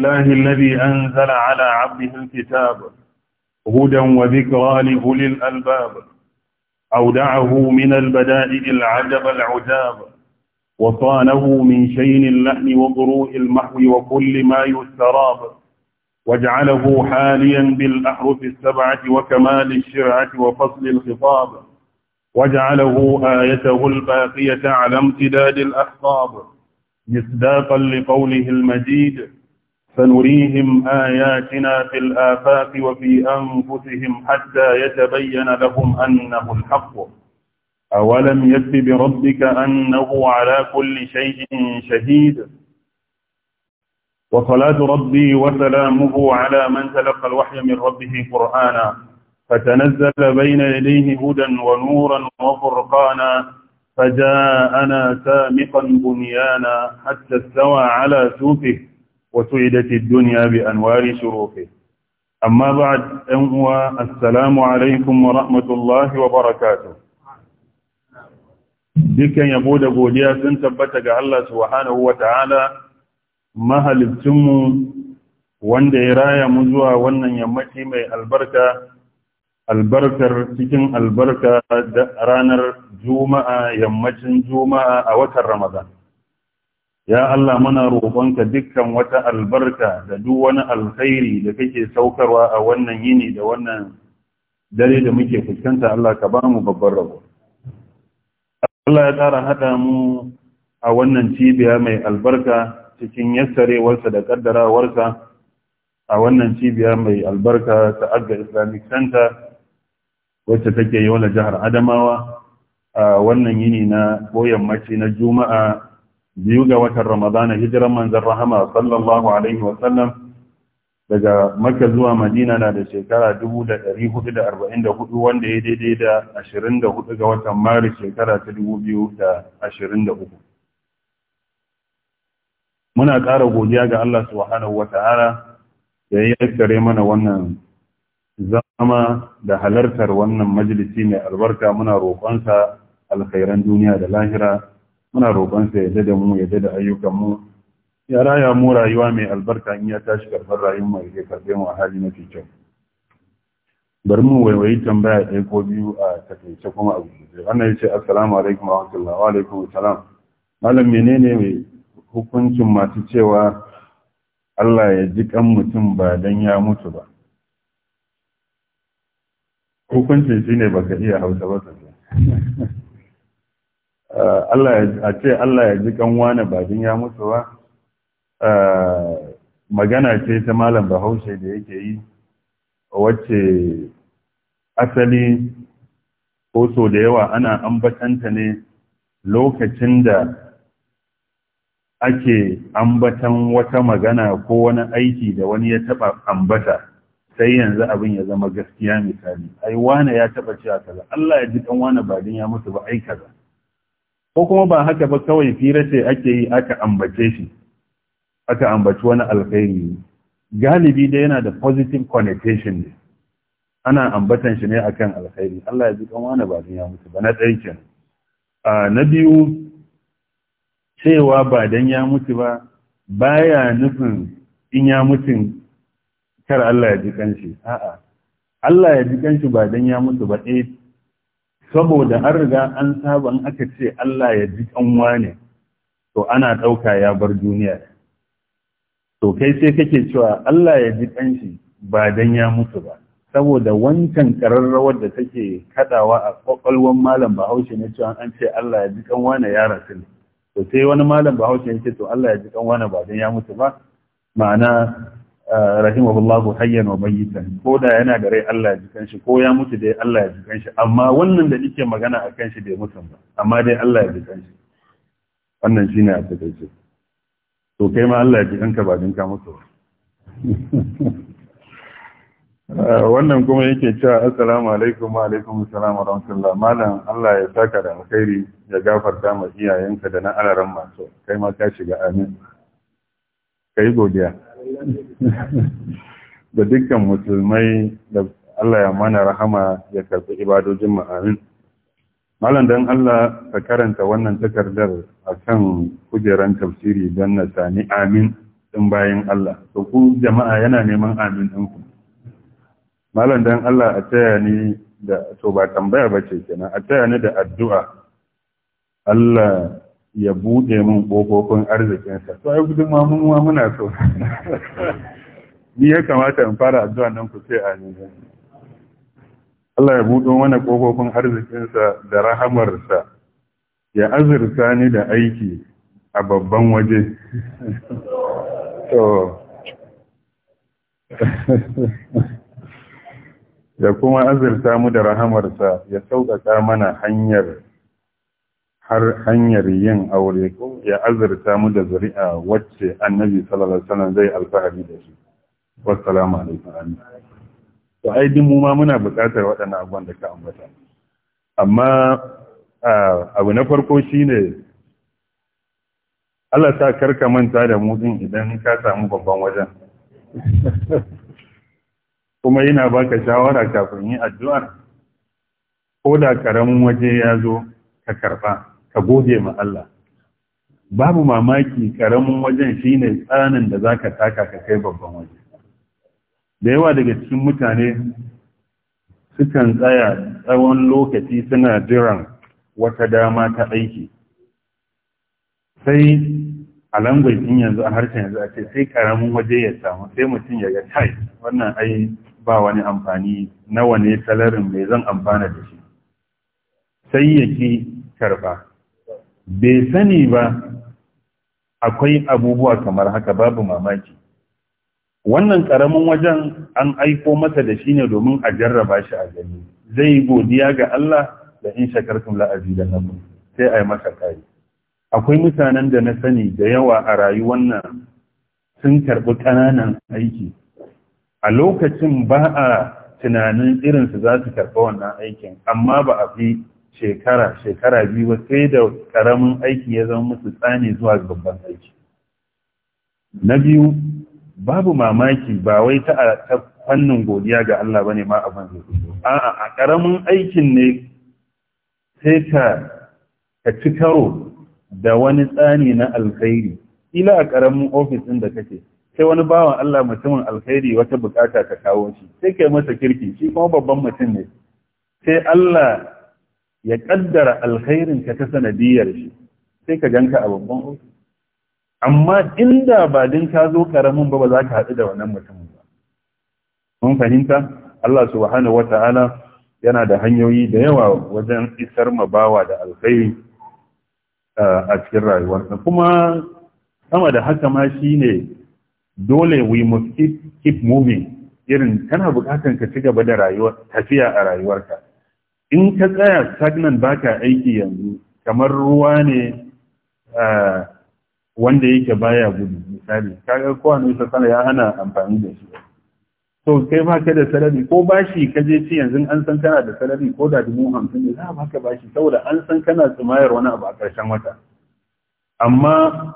الله الذي أنزل على عبده الكتاب هدى وذكرى لأولي الألباب أودعه من البدائل العجب العجاب وصانه من شين اللحن وضروء المحو وكل ما يستراب واجعله حاليا بالأحرف السبعة وكمال الشرعة وفصل الخطاب واجعله آيته الباقية على امتداد الأحقاب مصداقا لقوله المجيد فنريهم آياتنا في الآفاق وفي أنفسهم حتى يتبين لهم أنه الحق أولم يكف بربك أنه على كل شيء شهيد وصلاة ربي وسلامه على من تلقى الوحي من ربه قرآنا فتنزل بين يديه هدى ونورا وفرقانا فجاءنا سامقا بنيانا حتى استوى على سوقه وسعدت الدنيا بأنوار شروقه أما بعد أنوى السلام عليكم ورحمة الله وبركاته dukkan yabo da godiya sun tabbata ga Allah subhanahu wata'ala mahalicinmu wanda ya raya mu zuwa wannan yammaci mai albarka albarkar cikin albarka da ranar juma'a yammacin juma'a a watan ramadan ya Allah muna roƙonka dukkan wata albarka da duk wani alkhairi da kake saukarwa a wannan yini da wannan dare da muke fuskanta Allah ka ba mu babbar rabo Allah ya tsara haɗa mu a wannan cibiya mai albarka cikin yassarewarsa da ƙaddarawarsa a wannan cibiya mai albarka ta Agga Islamic Center wacce take yi wani jihar Adamawa a wannan yini na ko yammaci na Juma'a biyu ga watan ramadana hijiran manzan rahama sallallahu alaihi wasallam daga maka zuwa madina na da shekara 1444 wanda ya daidai da 24 ga watan maris shekara ta 2023 muna ƙara godiya ga Allah subhanahu ta'ara, da ya yi yaskare mana wannan zama da halartar wannan majalisi mai albarka muna roƙonsa alkhairan duniya da lahira muna roƙon sa yadda da mu ya da ayyukan mu ya raya mu rayuwa mai albarka in ya tashi karɓar rayuwar mu ya karɓe mu a hali mafi kyau bari mu waiwayi tambaya ɗaya ko biyu a takaice kuma a guje wannan ya ce assalamu alaikum wa rahmatullah wa alaikum salam malam menene mai hukuncin masu cewa Allah ya ji kan mutum ba dan ya mutu ba hukuncin shine baka iya hausa ba sosai Eh, a ce Allah ya ji kanwane bajin ya mutu ba eh, magana ce ta malam bahaushe da yake yi wacce asali ko so da yawa ana ambatanta ne lokacin da ake ambatan wata magana ko wani aiki da wani ya taba ambata sai yanzu abin ya zama gaskiya misali ai wane ya taba cewa kaza Allah ya ji dan wane bajin ya mutu ba ai kaza ko kuma ba haka ba kawai fira ce ake yi aka ambace shi aka ambaci wani alkhairi galibi dai yana da positive connotation ne ana ambatan shi ne akan alkhairi Allah ya ji kan wani ba dan ya mutu ba na ɗaikin na biyu cewa ba dan ya mutu ba baya nufin in ya mutu kar Allah ya ji kanshi a'a Allah ya ji kanshi ba dan ya mutu ba eh saboda an riga an saba aka ce Allah ya ji ƙanwane, ne to ana ɗauka ya bar duniya to kai sai kake cewa Allah ya ji ƙanshi, ba dan ya mutu ba saboda wancan ƙararrawar da take kaɗawa a ƙwaƙwalwar malam bahaushe ne cewa an ce Allah ya ji kanwa ne ya rasu ne to sai wani malam bahaushe ya ce to Allah ya ji kanwa ne ba dan ya mutu ba ma'ana rahimahullahu hayyan wa mayyitan ko da yana da rai Allah ya jikan shi ko ya mutu dai Allah ya jikan shi amma wannan da nake magana akan shi bai mutu ba amma dai Allah ya jikan shi wannan shine a takaice to kai ma Allah ya jikan ka ba din ka mutu ba wannan kuma yake cewa assalamu alaikum wa alaikum assalam wa rahmatullah malam Allah ya saka da alkhairi ya gafarta ma iyayenka da na alaran masu kai ma ka shiga amin kai godiya da dukkan musulmai da Allah ya mana rahama ya karɓi ibadojin mu amin malam dan Allah ka karanta wannan takardar a kan kujeran tafsiri don na sani amin din bayan Allah to ku jama'a yana neman amin din ku malam dan Allah a taya ni da to ba tambaya bace kenan a taya ni da addu'a Allah ya buɗe mun ƙofofin arzikinsa to ai gudun ma muna so ni ya kamata in fara addu'a nan ku sai amin Allah ya buɗe mana ƙofofin arzikinsa da rahamarsa ya azurta ni da aiki a babban waje to ya kuma azurta mu da rahamarsa ya sauƙaƙa mana hanyar har hanyar yin aure ya azurta mu da zuri'a wacce annabi sallallahu alaihi wasallam zai alfahari da shi wassalamu alaikum amin to ai din mu ma muna buƙatar waɗannan abubuwan da ka ambata amma abu na farko shine Allah ta karka manta da mu din idan ka samu babban wajen kuma yana baka shawara kafin yin addu'a ko da karamin waje ya zo ka karɓa ka goge ma Allah babu mamaki karamin wajen shine tsanin da za ka taka ka kai babban waje da yawa daga cikin mutane sukan tsaya tsawon lokaci suna jiran wata dama ta aiki sai a langwajin yanzu a harshen yanzu a ce sai karamin waje ya samu sai mutum ya ga tai wannan ai ba wani amfani nawa ne salarin mai zan amfana da shi sai ya ki karba bai sani ba akwai abubuwa kamar haka babu mamaki wannan ƙaramin wajen an aiko masa da shi ne domin a jarraba shi a gani zai godiya ga Allah da in shakartun la'azi da nan sai a yi masa ƙari akwai mutanen da na sani da yawa a rayuwar nan sun karɓi ƙananan aiki a lokacin ba a tunanin irinsu za su karɓi wannan aikin amma ba a fi shekara shekara biyu ba sai da karamin aiki ya zama musu tsani zuwa babban aiki na biyu babu mamaki ba wai ta fannin godiya ga Allah bane ma abin zai fito a'a a karamin aikin ne sai ka ka ci karo da wani tsani na alkhairi ila a karamin ofis ɗin da kake sai wani bawan Allah mutumin alkhairi wata bukata ta kawo shi sai kai masa kirki shi kuma babban mutum ne sai Allah ya ƙaddara alkhairin ka ta sanadiyar shi sai ka ganka a babban ofis amma inda ba din ka zo karamin ba ba za ka haɗu da wannan mutumin ba mun fahimta Allah subhanahu wata'ala yana da hanyoyi da yawa wajen isar mabawa da alkhairi a cikin rayuwarsa kuma sama da haka ma shine dole we must keep, keep moving irin kana bukatan ka ci gaba da rayuwa tafiya a rayuwarka in ka tsaya stagnant ka aiki yanzu kamar ruwa ne wanda yake baya gudu misali kaga ne isa sana ya hana amfani da shi so kai ba ka da salari ko bashi ka je ci yanzu an san kana da sarari ko da dubu hamsin ne za a baka bashi saboda an san kana tsimayar wani abu a ƙarshen wata amma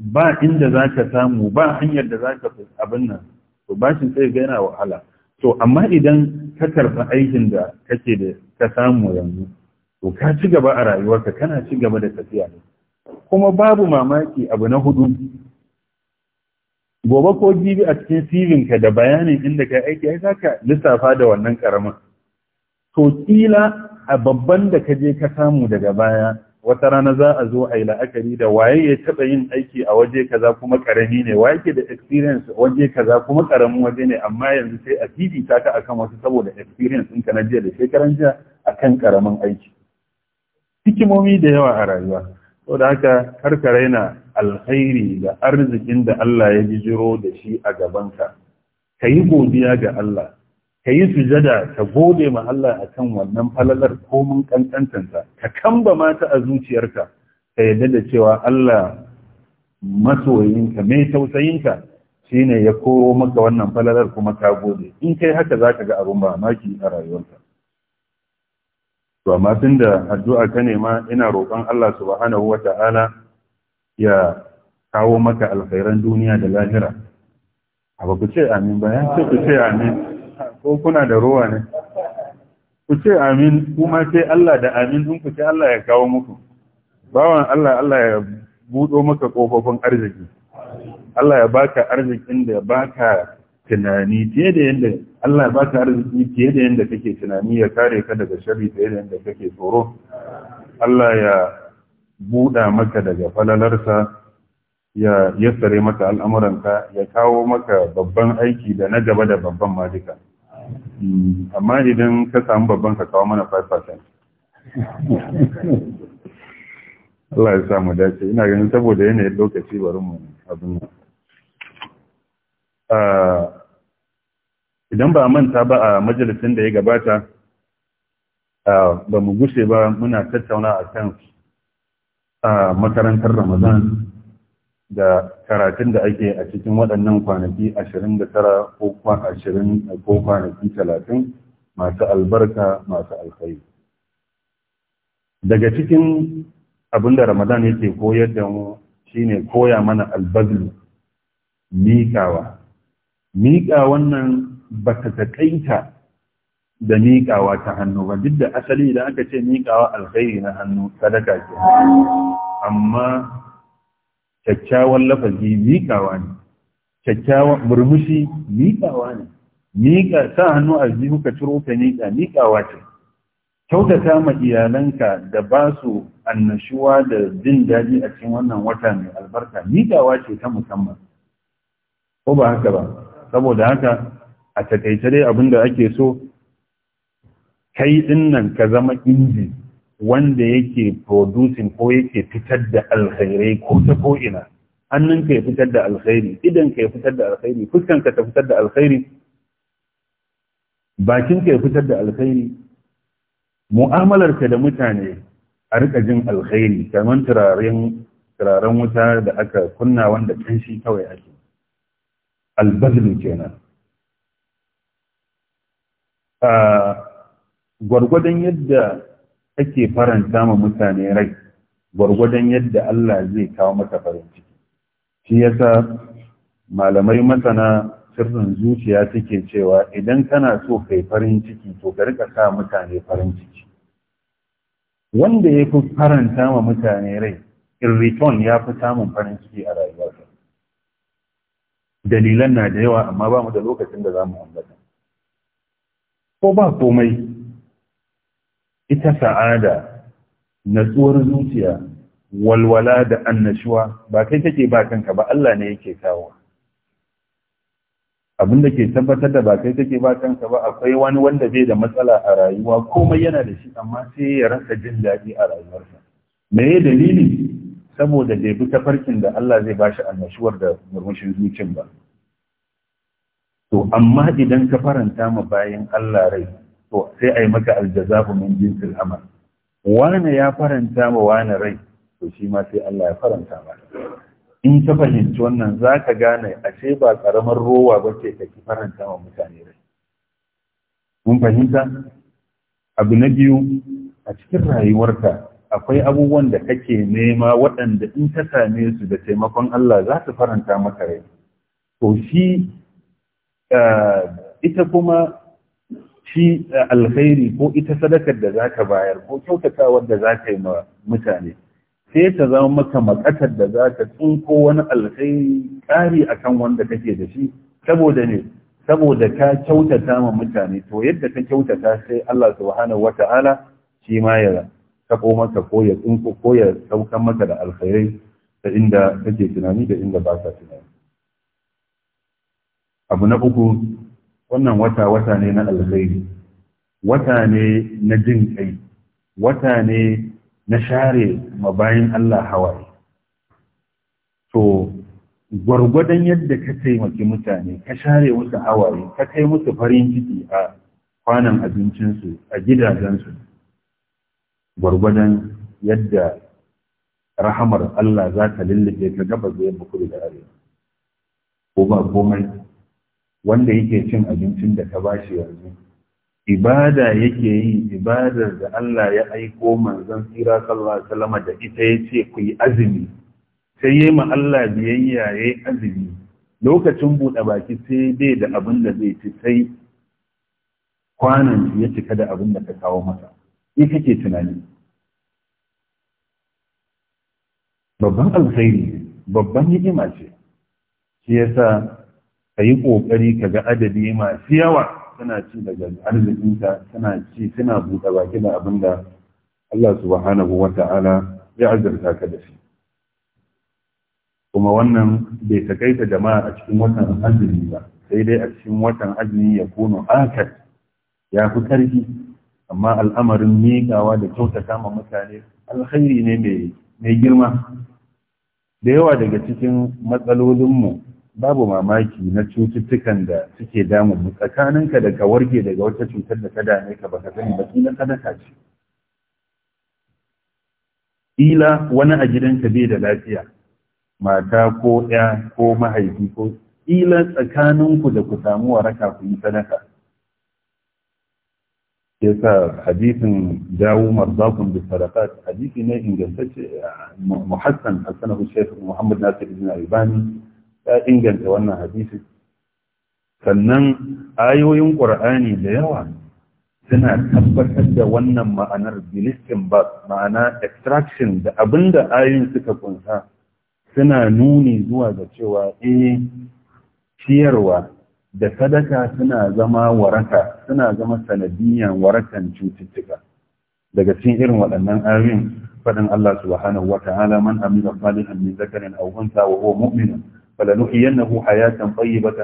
ba inda za ka samu ba hanyar da za ka abin nan to bashin sai ga yana wahala to amma idan ka karɓi aikin da kake da ka samu yanzu to ka ci gaba a rayuwarka kana ci gaba da tafiya kuma babu mamaki abu na hudu gobe ko jibi a cikin sirrin da bayanin inda ka aiki ai zaka lissafa da wannan karamin to kila a babban da ka je ka samu daga baya wata rana za a zo a yi la'akari da waye ya taɓa yin aiki a waje kaza kuma ƙarami ne waye ke da experience waje kaza kuma ƙaramin waje ne amma yanzu sai a fifita ka akan wasu saboda experience ɗinka na jiya da shekaran jiya a kan ƙaramin aiki hikimomi da yawa a rayuwa saboda haka kar ka raina alkhairi da arzikin da Allah ya jiro da shi a gabanka ka yi godiya ga Allah ka yi sujada ka gode ma Allah a kan wannan falalar komin ƙanƙantansa ka kamba mata a zuciyarka ka yadda da cewa Allah masoyinka mai tausayinka shi ne ya koro maka wannan falalar kuma ka gode in kai haka za ka ga abun mamaki a rayuwarka to amma da addu'a ka nema ina roƙon Allah subhanahu ta'ala ya kawo maka alkhairan duniya da lahira abu ku ce amin bayan ku ce amin ko kuna da ruwa ne ku ce amin kuma ce Allah da amin in ku ce Allah ya kawo muku bawan Allah Allah ya budo maka kofofin arziki Allah ya baka arzikin da baka tunani fiye da yanda Allah ya baka arziki fiye da yanda kake tunani ya kare ka daga sharri fiye da yanda kake tsoro Allah ya buɗa maka daga falalarsa ya yassare maka al'amuranka ya kawo maka babban aiki da na gaba da babban majika Hmm. amma idan ka samu babban ka kawo mana 5% Allah ya samu dace ina ganin saboda yanayin lokaci bari mu abin ah, idan ba manta ba a majalisin da ya gabata ah, ba mu gushe ba muna tattauna a kan ah, makarantar Ramadan da karatun da ake a cikin waɗannan kwanaki 29 ko kwanaki 30 masu albarka masu alkhairi. Daga cikin abin da Ramadan yake koyar da mu shine koya mana albazlu, miƙawa. Miƙa wannan ba ta taƙaita da miƙawa ta hannu ba, duk da asali da aka ce miƙawa alkhairi na hannu sadaka ke. Amma kyakkyawan lafazi miƙawa ne kyakkyawan murmushi miƙawa ne miƙa sa hannu a jihu ka ciro ka miƙa miƙawa ce kyautata ma iyalanka da ba su annashuwa da jin daɗi a cikin wannan wata mai albarka miƙawa ce ta musamman ko ba haka ba saboda haka a takaice dai abin da ake so kai ɗin ka zama injin wanda yake producing ko yake fitar da alkhairai ko ta ko ina hannunka ya fitar da alkhairi idanka ya fitar da alkhairi ka ta fitar da alkhairi bakinka ya fitar da alkhairi mu'amalarka da mutane a rika jin alkhairi kamar turaren turaren wuta da aka kunna wanda kanshi kawai ake albazlu kenan a ah, gwargwadon yadda take faranta ma mutane rai gwargwadon yadda Allah zai kawo maka farin ciki shi yasa malamai masana sirrin zuciya take cewa idan kana so kai farin ciki to ka rika sa mutane farin ciki wanda ya fi faranta ma mutane rai in return ya fi samun farin ciki a rayuwarsa dalilan na da yawa amma ba mu da lokacin da za mu ambata ko ba komai ita sa'ada natsuwar zuciya walwala da annashuwa ba kai take ba kanka ba Allah ne yake kawo abinda ke tabbatar da ba kai take ba kanka ba akwai wani wanda bai da matsala a rayuwa komai yana da shi amma sai ya rasa jin daɗi a rayuwarsa me ya dalili saboda bai bi tafarkin da Allah zai bashi annashuwar da murmushin zucin ba to amma idan ka faranta ma bayan Allah rai to sai a yi maka aljazafu min jinsil amal wani ya faranta ma wane rai to shi ma sai Allah ya faranta ma in ka fahimci wannan za ka gane ashe ba karamar rowa ba ce ka ki faranta ma mutane rai mun fahimta abu na biyu a cikin rayuwarka akwai abubuwan da kake nema waɗanda in ka same su da taimakon Allah za su faranta maka rai to shi eh, ita kuma shi eh, alkhairi ko ita sadakar da za ka bayar ko kyautatawa da za ka yi ma mutane sai ta zama maka makatar da za ka tsinko wani alkhairi ƙari akan wanda kake da shi saboda ne saboda ka kyautata ma mutane to yadda ka kyautata sai Allah subhanahu wata'ala shi ma ya sako maka ko ya tsinko ko ya saukan maka da alkhairai da inda kake tunani da inda ba ka tunani abu na uku wannan wata wata ne na alkhairi wata ne na jin kai wata ne na share mabayin Allah hawaye to gwargwadon yadda ka taimaki mutane ka share musu hawaye ka kai musu farin ciki a kwanan abincinsu a gidajensu gwargwadon yadda rahamar Allah za ta lullufe ka gaba zai buku da arewa ko ba komai wanda yake cin abincin da ka ba shi yanzu ibada yake yi ibadar da Allah ya aiko manzon tsira sallallahu alaihi wasallam da ita yace ku yi azumi sai yayi ma Allah biyayya yayi azumi lokacin buɗe baki sai dai da abin da zai ci sai kwanan ya cika da abin da ka kawo masa ni kake tunani babban alkhairi babban ni'ima ce shi yasa ka yi ƙoƙari ka ga adadi masu yawa suna ci daga arzikinta suna ci suna buɗe baki da abin da Allah subhanahu wa ta'ala ya azurta ka da shi kuma wannan bai takaita jama'a a cikin watan azumi ba sai dai a cikin watan azumi ya kono akar ya fi ƙarfi amma al'amarin miƙawa da kyautata ma mutane alkhairi ne mai girma da yawa daga cikin matsalolinmu babu mamaki na cututtukan da suke damun tsakaninka da ka warke daga wata cutar da ta dame ka baka sani ba kila sadaka ce kila wani a gidanka bai da lafiya mata ko ya ko mahaifi ko kila tsakaninku da ku samu waraka ku yi sadaka yasa hadisin dawo marzakun bi sadaqat hadisi ne ingantacce muhassan hasanahu shaykh Muhammad Nasir ibn Albani ya inganta wannan hadisi sannan ayoyin ƙur'ani da yawa suna tabbatar da wannan ma'anar bilistin ba ma'ana extraction da abinda ayoyin suka kunsa suna nuni zuwa ga cewa eh ciyarwa da sadaka suna zama waraka suna zama sanadiyan warakan cututtuka daga cikin irin waɗannan ayoyin faɗin Allah subhanahu wa ta'ala man amila salihan min zakarin aw unsa wa huwa mu'minun فلنحيينه حياة طيبة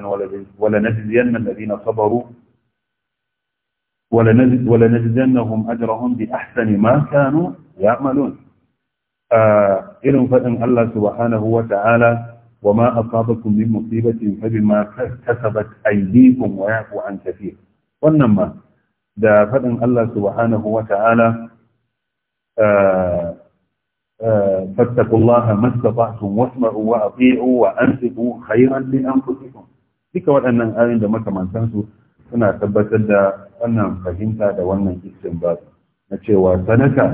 ولنجزين الذين صبروا ولنجزينهم أجرهم بأحسن ما كانوا يعملون آه، إلهم فإن الله سبحانه وتعالى وما أصابكم من مصيبة فبما كسبت أيديكم ويعفو عن كثير وإنما ده فإن الله سبحانه وتعالى آه فاتقوا الله ما استطعتم واسمعوا واطيعوا وانفقوا خيرا لانفسكم duka waɗannan ayoyin da makamantansu suna tabbatar da wannan fahimta da wannan istinbat na cewa sadaka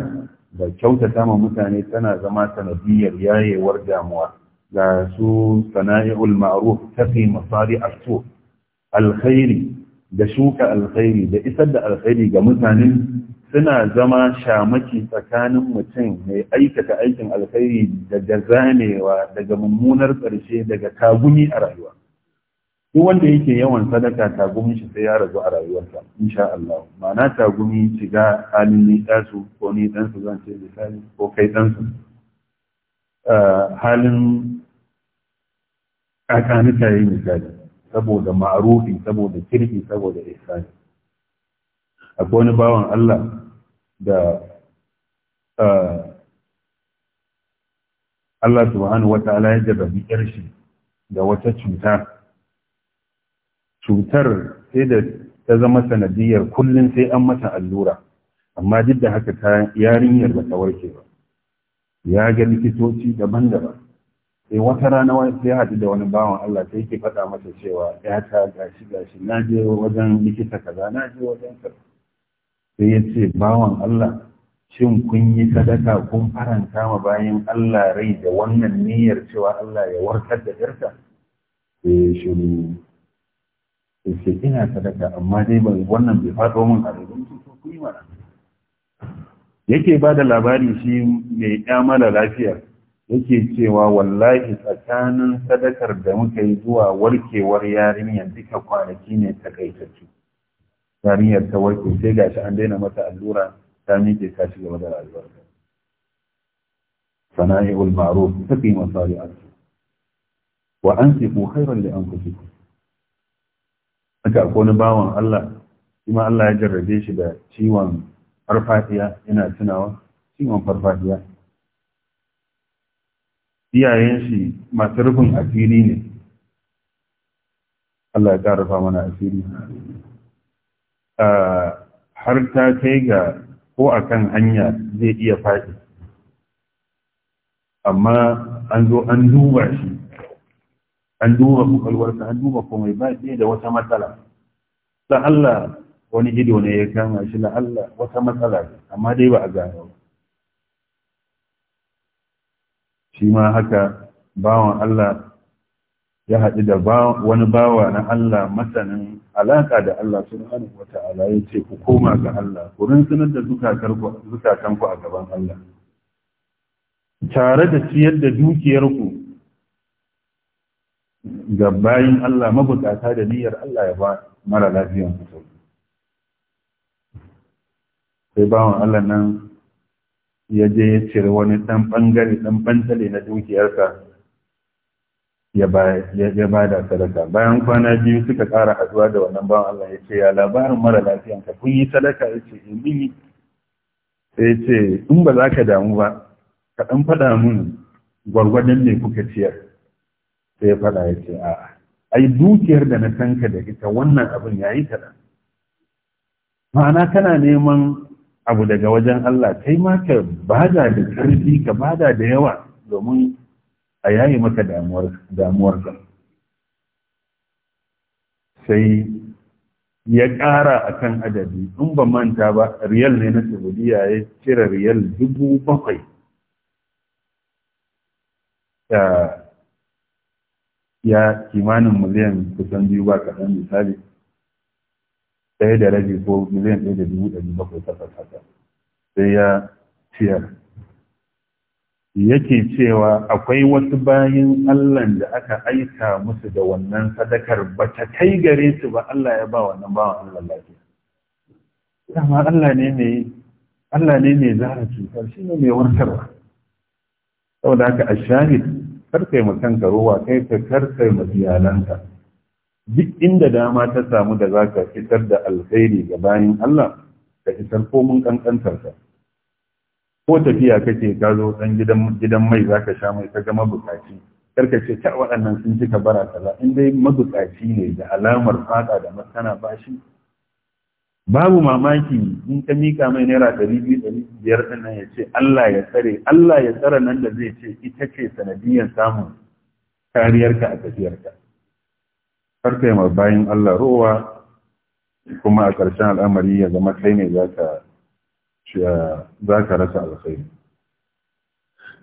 da kyautata ma mutane tana zama sanadiyar yayewar damuwa ga su sana'i'ul ma'ruf taqi masari asu su alkhairi da shuka alkhairi da isar da alkhairi ga mutane suna zama shamaki tsakanin mutum mai aikata aikin alkhairi daga zanewa daga mummunar ƙarshe daga tagumi a rayuwa duk wanda yake yawan sadaka tagumin shi sai ya razu a rayuwarsa insha Allah ma'ana tagumi shiga halin nisa su, ko ni ɗansu zan ce misali ko kai ɗansu halin ƙaƙanuka yi misali saboda ma'arufi saboda kirki saboda ihsani akwai wani bawan Allah da Allah subhanahu wa ta'ala ya jarrabi shi da wata cuta cutar sai da ta zama sanadiyar kullum sai an mata allura amma duk da haka ta yarinyar ba ta warke ba ya ga likitoci daban-daban sai wata rana wani sai haɗu da wani bawan Allah sai ke faɗa masa cewa ya ta gashi gashi na je wajen likita kaza na je wajen kaza sai ya ce bawan Allah shin kun yi sadaka kun faranta ma bayan Allah rai da wannan niyyar cewa Allah ya warkar da yarsa sai ya shiru sai ina sadaka amma dai ba wannan bai faɗo min a ko kun yi mana yake ba da labari shi mai mara lafiya yake cewa wallahi tsakanin sadakar da muka yi zuwa warkewar yarinyar duka kwanaki ne takaitattu yarinyar ta warke sai ga shi an daina mata allura ta miƙe ta ci gaba da rayuwar ta sana'i'ul ma'ruf a su. wa anfiqu khairan li anfusikum haka ko ni bawan Allah kuma Allah ya jarrabe shi da ciwon farfadiya ina tunawa ciwon farfadiya iyayen shi masu rufin asiri ne Allah ya karfa mana asiri har ta kai ga ko a kan hanya zai iya faɗi amma an zo an duba shi an duba kwakwalwarsa an duba komai ba ɗaya da wata matsala da Allah wani ido ne ya kama shi da Allah wata matsala amma dai ba a gano ba shi ma haka bawan Allah ya haɗu da wani bawa na Allah masanin alaƙa da Allah subhanahu wa ta'ala ya ce ku koma ga Allah ku rinsunar da zukatanku a gaban Allah tare da ciyar da dukiyarku ga bayin Allah mabukata da niyyar Allah ya ba mara lafiyan su sai bawan Allah nan ya je ya cire wani ɗan ɓangare ɗan ɓantale na dukiyarsa ya ba da sadaka bayan kwana biyu suka kara haduwa da wannan bawan Allah ya ce ya labarin mara lafiyan ka kun yi sadaka ya ce in eh, yi sai ya ce in ba za ka damu ba ka ɗan faɗa mun gwargwadon ne kuka ciyar sai ya faɗa ya ce a'a ai dukiyar da na san da ita wannan abin ya yi kaɗan ma'ana kana neman abu daga wajen Allah kai ma ka bada da ƙarfi ka bada da yawa domin a yayi maka damuwarka sai ya ƙara a kan adadi in ba manta ba riyal ne na saudiya ya cire riyal dubu bakwai ya kimanin miliyan kusan biyu ba kaɗan misali ɗaya da rabi ko miliyan ɗaya da dubu ɗari bakwai takwas haka sai ya ciyar yake cewa akwai wasu bayin Allah da aka aika musu da wannan sadakar ba ta kai gare su ba Allah ya ba wannan bawan Allah lafiya. Dama Allah ne mai Allah ne mai zara cutar shi ne mai warkarwa. Saboda haka a shahid kar kai mu kanka ruwa kai ka kar kai mu iyalanka. Duk inda dama ta samu da za ka fitar da alkhairi ga bayan Allah ka fitar komun kankantarsa. ko tafiya kake ka zo dan gidan mai za ka sha mai ka kaga mabukaci karka ce ta waɗannan sun cika bara kaza in dai mabukaci ne da alamar fada da makana bashi babu mamaki in ka mika mai naira ɗari biyu ɗari biyar ɗin nan ya ce Allah ya tsare Allah ya tsare nan da zai ce ita ce sanadiyar samun kariyarka a tafiyarka karka yi bayan Allah ruwa, kuma a ƙarshen al'amari ya zama kai ne za ka za ka rasa alkhairi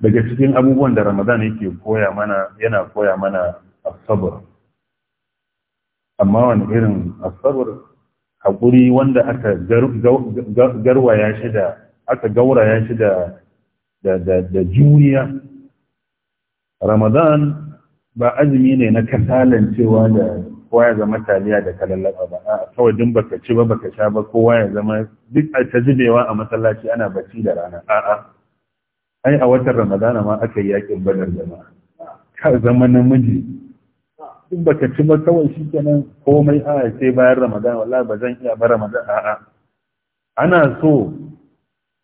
daga cikin abubuwan da ramadan yake koya mana yana koya mana asabar amma wani irin asabar haƙuri wanda aka garwaya shi da aka gauraya shi da da juriya ramadan ba azumi ne na kasalancewa da kowa ya zama taliya da kalallaba ba a kawai din baka ci ba baka sha ba kowa ya zama duk a ta zubewa a masallaci ana bacci da rana a'a ai a watan ramadana ma aka yi yakin badar jama'a ka zama namiji duk baka ci ba kawai shi kenan komai a'a sai bayan ramadana wallahi ba zan iya ba ramadana a'a ana so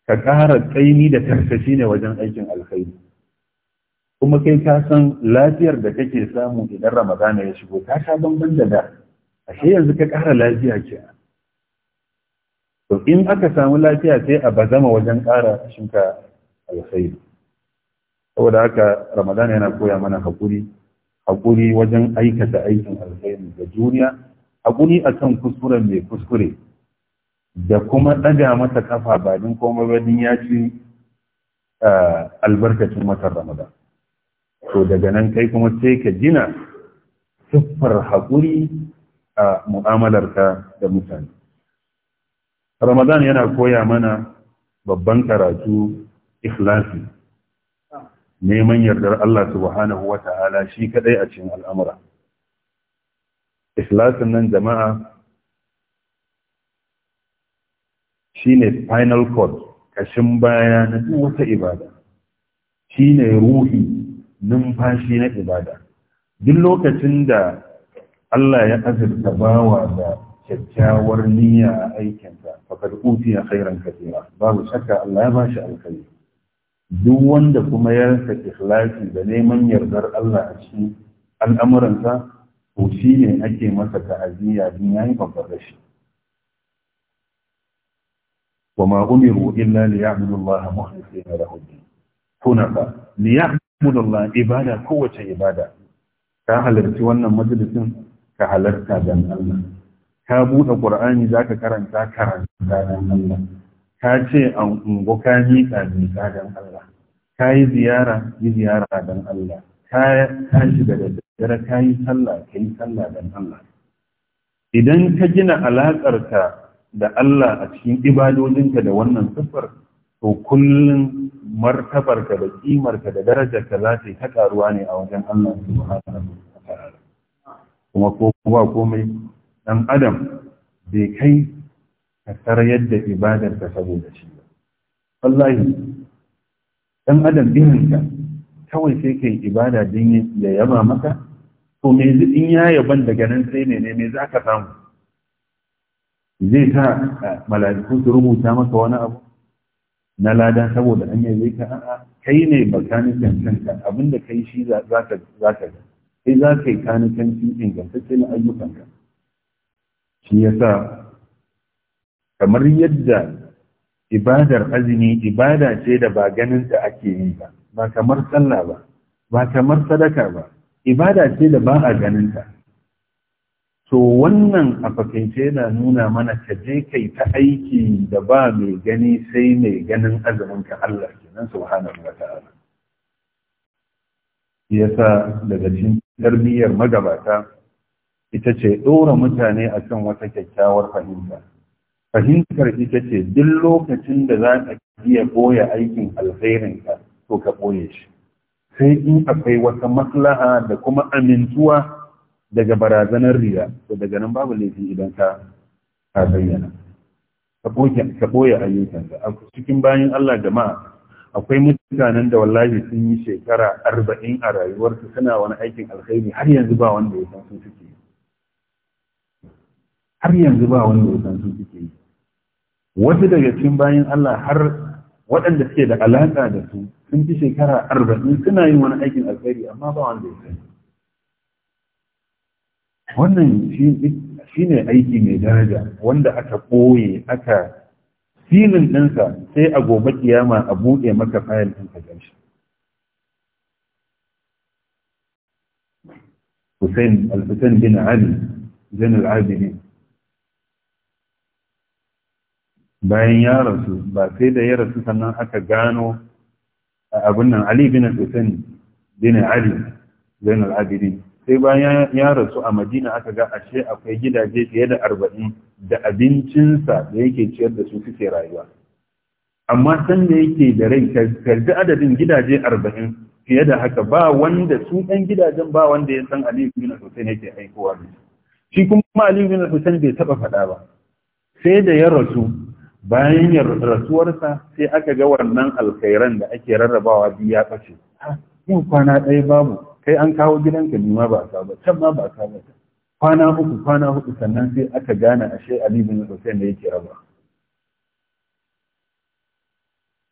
ka ƙara tsaini da tarkashi ne wajen aikin alkhairi kuma kai ka san lafiyar da kake samu idan ramadana ya shigo ta sha da da ashe yanzu ka ƙara lafiya ke to in aka samu lafiya sai a bazama wajen ƙara shinka alkhairi saboda haka ramadana yana koya mana haƙuri haƙuri wajen aikata aikin alkhairi da juriya haƙuri kan kuskuren mai kuskure da kuma ɗaga masa kafa ba din komai ba ya ci eh, albarkacin watan ramadan to daga nan kai kuma sai ka gina siffar haƙuri a mu'amalarka da mutane ramadan yana koya mana babban karatu ikhlasi neman yardar Allah subhanahu wa ta'ala shi kadai a cikin al'amura ikhlasin nan jama'a shine final cord kashin baya na duk wata ibada ne ruhi numfashi na ibada duk lokacin da Allah ya azurta bawa da kyakkyawar niyya a aikinsa fakad ufiya khairan katira babu shakka Allah ya bashi alkhairi duk wanda kuma ya rasa ikhlasi da neman yardar Allah a cikin al'amuransa to shi ne ake masa ta'aziyya din yayi babbar rashi وما أمروا إلا ليعبدوا الله مخلصين له Abdullah ibada kowace ibada ka halarci wannan majalisin ka halarta dan Allah ka buɗe za zaka karanta karanta dan Allah ka ce an ungo ka miƙa miƙa dan Allah ka yi ziyara yi ziyara dan Allah ka tashi da daddare ka yi sallah ka yi sallah dan Allah idan ka gina alaƙarta da Allah a cikin ibadojinka da wannan siffar to kullum martabarka da ƙimarka da darajarka za ta yi ta karuwa ne a wajen Allah subhanahu wa ta'ala kuma ko ba komai dan adam bai kai ka sarayar da ibadarka saboda shi ba wallahi dan adam ka kawai sai kai ibada din ya yaba maka to me in ya yaban daga nan sai ne me za ka samu zai ta eh, mala'iku su rubuta maka wani abu na lada saboda an yi ka a'a kai ne ba kani kanka abinda kai shi za ka za ka ga kai za ka yi kanikanci ingantacce na ayyukanka shi yasa kamar yadda ibadar azumi ibada ce da ba ganin ta ake yi ba ba kamar sallah ba ba kamar sadaka ba ibada ce da ba a ganin ta to wannan a fakaice yana nuna mana ka je kai ta aiki da ba mai gani sai mai ganin azumin ka Allah kenan subhanahu wa ta'ala yasa daga cikin tarbiyyar magabata ita ce ɗora mutane a kan wata kyakkyawar fahimta fahimtar ita ce duk lokacin da za ka iya boye aikin ka to ka ɓoye shi sai in akwai wata maslaha da kuma amintuwa daga barazanar riya ko daga nan babu laifi idan ka ka bayyana ka ɓoye ka. a cikin bayan Allah jama'a akwai mutanen da wallahi sun yi shekara arba'in a rayuwarsu suna wani aikin alkhairi har yanzu ba wanda ya san sun suke har yanzu ba wanda ya san sun suke wasu daga cikin bayan Allah har waɗanda suke da alaƙa da su sun fi shekara arba'in suna yin wani aikin alkhairi amma ba wanda ya sani wannan shi ne aiki mai daraja wanda aka ɓoye aka filin ɗinsa sai a gobe kiyama a buɗe maka fayil ɗin ka ganshi Hussein al-Hussein bin Ali Zain al-Abidin bayan ya rasu ba sai da ya rasu sannan aka gano abin nan Ali bin Hussein bin Ali Zain al-Abidin sai bayan ya rasu a madina aka ga ashe akwai gidaje fiye da arba'in da abincinsa da yake ciyar da su suke rayuwa amma san da yake da rai karbi adadin gidaje arba'in fiye da haka ba wanda su ɗan gidajen ba wanda ya san aliyu bin hussein yake aikowa da shi kuma aliyu bin hussein bai taɓa faɗa ba sai da ya rasu bayan rasuwarsa sai aka ga wannan alkhairan da ake rarrabawa biyu ya ɓace ah, Yin kwana ɗaya babu kai an kawo gidanka nima ba a ba can ma ba a ba kwana uku kwana hudu sannan sai aka gane ashe ali bin hussein da yake raba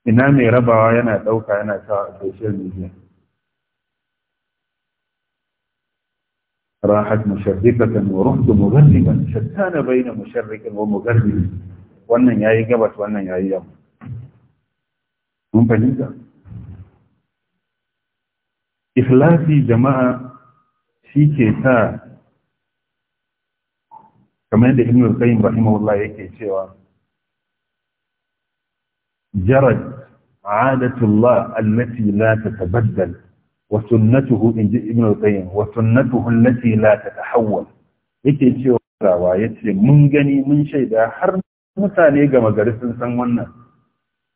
ina mai rabawa yana ɗauka yana sa a social media راحت مشرقة ورحت مغربا شتان بين مشرق ومغرب wannan yayi gabas wannan yayi yamma mun fahimta ikhlasi jama'a shi ke sa kamar yadda ibn al-qayyim rahimahullah yake cewa jarad adatullah allati la tatabaddal wa sunnatuhu ji ibn al-qayyim wa sunnatuhu allati la tatahawwal yake cewa yace mun gani mun shaida har mutane gama gari sun san wannan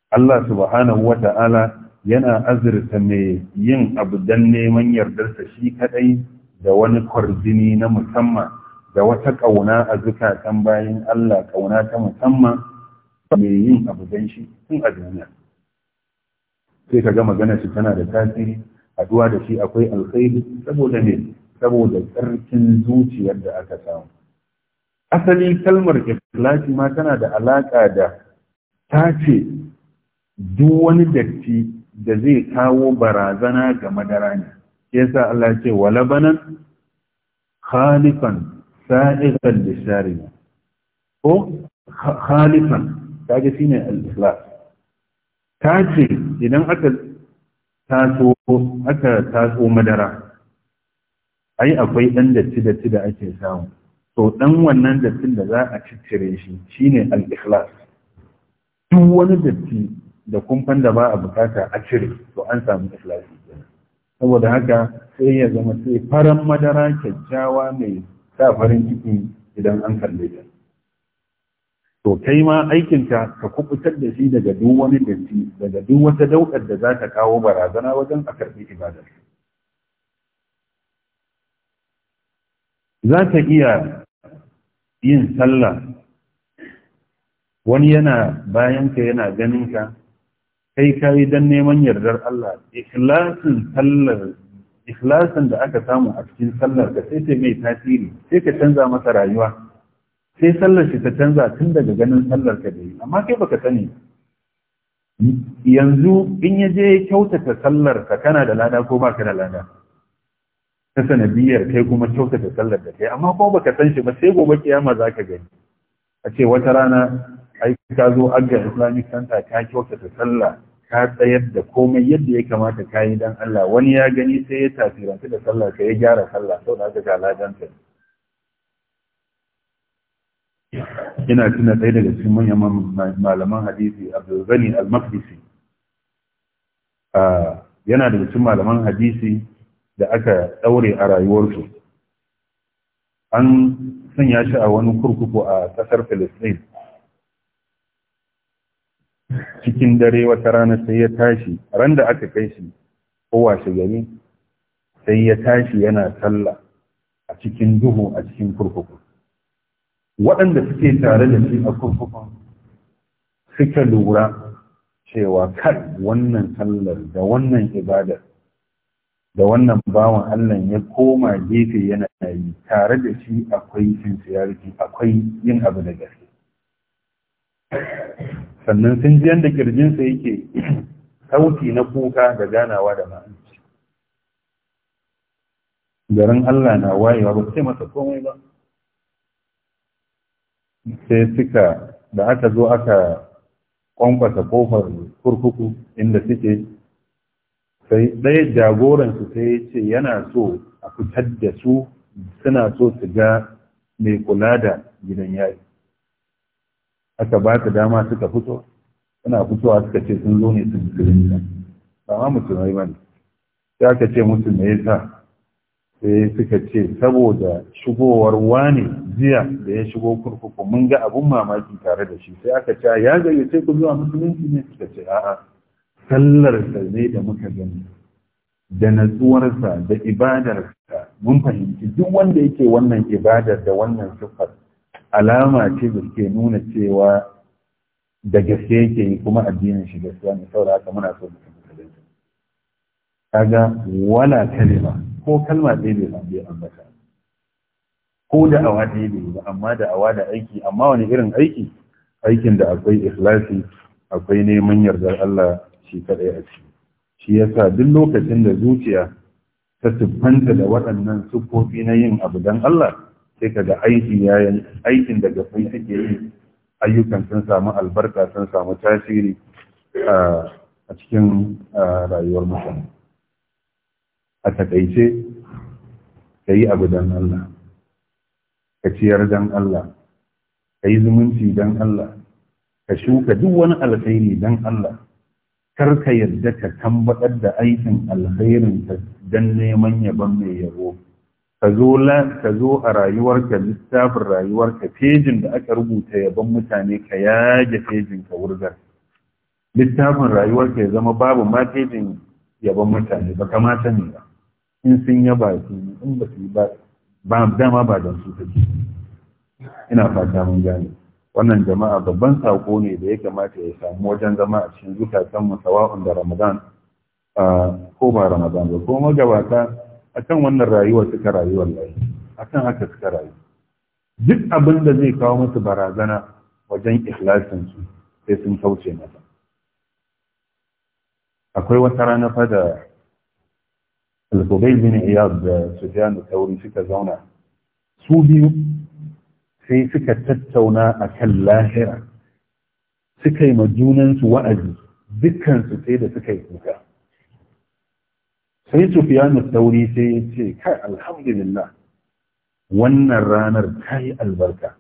Allah subhanahu wa ta'ala yana azurta mai yin abu don neman yardarsa shi kadai da wani kwarzini na musamman da wata ƙauna a zukatan bayan Allah ƙauna ta musamman mai yin abu don shi tun a duniya sai ka ga magana shi tana da tasiri haduwa da shi akwai alkhairi saboda ne saboda tsarkin zuciyar da aka samu asali kalmar ikhlasi ma tana da alaƙa da ta ce duk wani datti da zai kawo barazana ga madara ne yasa Allah ce wala banan khalifan sa'iqan lisharib ko khalifan kaga shine al-ikhlas ce idan aka taso aka taso madara ai akwai dan datti datti da ake samu to dan wannan dattin da za a ciccire shi shine al-ikhlas duk wani datti da kumfan da ba a bukata a cire to an samu ikhlasi saboda haka sai ya zama sai faran madara kyakkyawa mai sa farin ciki idan an kalle ta to kai ma aikinka ka kubutar da shi daga duk wani datti daga duk wata daukar da za ta kawo barazana wajen a karbi ibadar za ta iya yin sallah wani yana bayanka yana ka, kai kai don neman yardar Allah ikhlasin da aka samu a cikin sallar ka sai sai mai tasiri sai ka canza masa rayuwa sai sallar shi ta canza tun daga ganin sallar ka da yi amma kai baka sani yanzu in ya je kyautata sallar ka kana da lada ko baka da lada ta sanadiyar kai kuma kyautata sallar da kai amma kuma baka san shi ba sai gobe kiyama za ka gani a ce wata rana ai ka zo agga islamic center ka kyautata sallah ka tsayar da komai yadda ya kamata ka yi dan Allah wani ya gani sai ya tasiranta da sallah ka ya gyara sallah sau da aka ga ladanta ina tuna ɗaya daga cikin manyan malaman hadisi Abdulzani al-maqdisi ah, yana daga cikin malaman hadisi da aka daure a rayuwarsu an sanya shi a wani kurkuku a ƙasar Palestine cikin dare wata rana sai ya tashi ran da aka kai shi ko gari sai ya tashi yana sallah a cikin duhu a cikin kurkuku waɗanda suke tare da shi a kurkukun suka lura cewa kan wannan sallar da wannan ibadar da wannan bawan Allah ya koma gefe yana yi tare da shi akwai sincerity akwai yin abu da gaske sannan sun ji yadda kirjinsa yake sauti na kuka da ganawa da ma'anci garin Allah na wayewa ba sai masa komai ba sai suka da aka zo aka kwamfata kofar kurkuku inda suke sai ɗaya jagoransu sai yace ce yana so a fitar da su suna so su ga mai kula da gidan yari aka ba ta dama suka fito suna fitowa suka ce sun zo ne su gidan ba ma musulmai ba ne sai aka ce mutum me yasa sai suka ce saboda shigowar wani jiya da ya shigo kurkuku mun ga abun mamaki tare da shi sai aka ce ya gayyace ku zuwa musulunci ne suka ce a'a sallarsa zai da muka gani da natsuwarsa da ibadarsa mun fahimci duk wanda yake wannan ibadar da wannan sifar alama ce da ke nuna cewa da gaske yake yi kuma addinin shi gaskiya ne saboda haka muna so mu tabbata kaga wala kalima ko kalma ɗaya bai san bai ambata ko da awa ɗaya bai ba amma da awa da aiki amma wani irin aiki aikin da akwai ikhlasi akwai neman yardar Allah shi a ciki shi yasa duk lokacin da zuciya ta siffanta da waɗannan siffofi na yin abu don Allah sai kaga aiki yayin aikin daga kai suke yi ayyukan sun samu albarka sun samu tasiri a cikin rayuwar mutane a takaice ka yi abu don Allah ka ciyar don Allah ka yi zumunci don Allah ka shuka duk wani alkhairi don Allah kar ka yarda ka tambaɗar da aikin alkhairin ka dan neman yaban mai yabo ka zo a rayuwarka littafin rayuwarka fejin da aka rubuta yaban mutane ka yage fejin ka wurgar littafin rayuwarka ya zama babu ma fejin yaban mutane ba kamata ne ba in sun yaba su in ba su yi ba dama ba don su take ina fata mun gane wannan jama'a babban sako ne da ya kamata ya samu wajen zama a cikin zukatan da Ramadan ko ba Ramadan ba ko magabata kan wannan rayuwa suka rayu wallahi kan haka suka rayu duk abin da zai kawo musu barazana wajen ikhlasin su sai sun kauce masa akwai wata rana fa da al bin Iyad da Sufyan da thawri suka zauna su biyu sai suka tattauna a kan lahira suka yi majunansu wa'azi dukansu sai da suka yi kuka sai sufiyanu tauri sai ya ce kai alhamdulillah wannan ranar ta yi albarka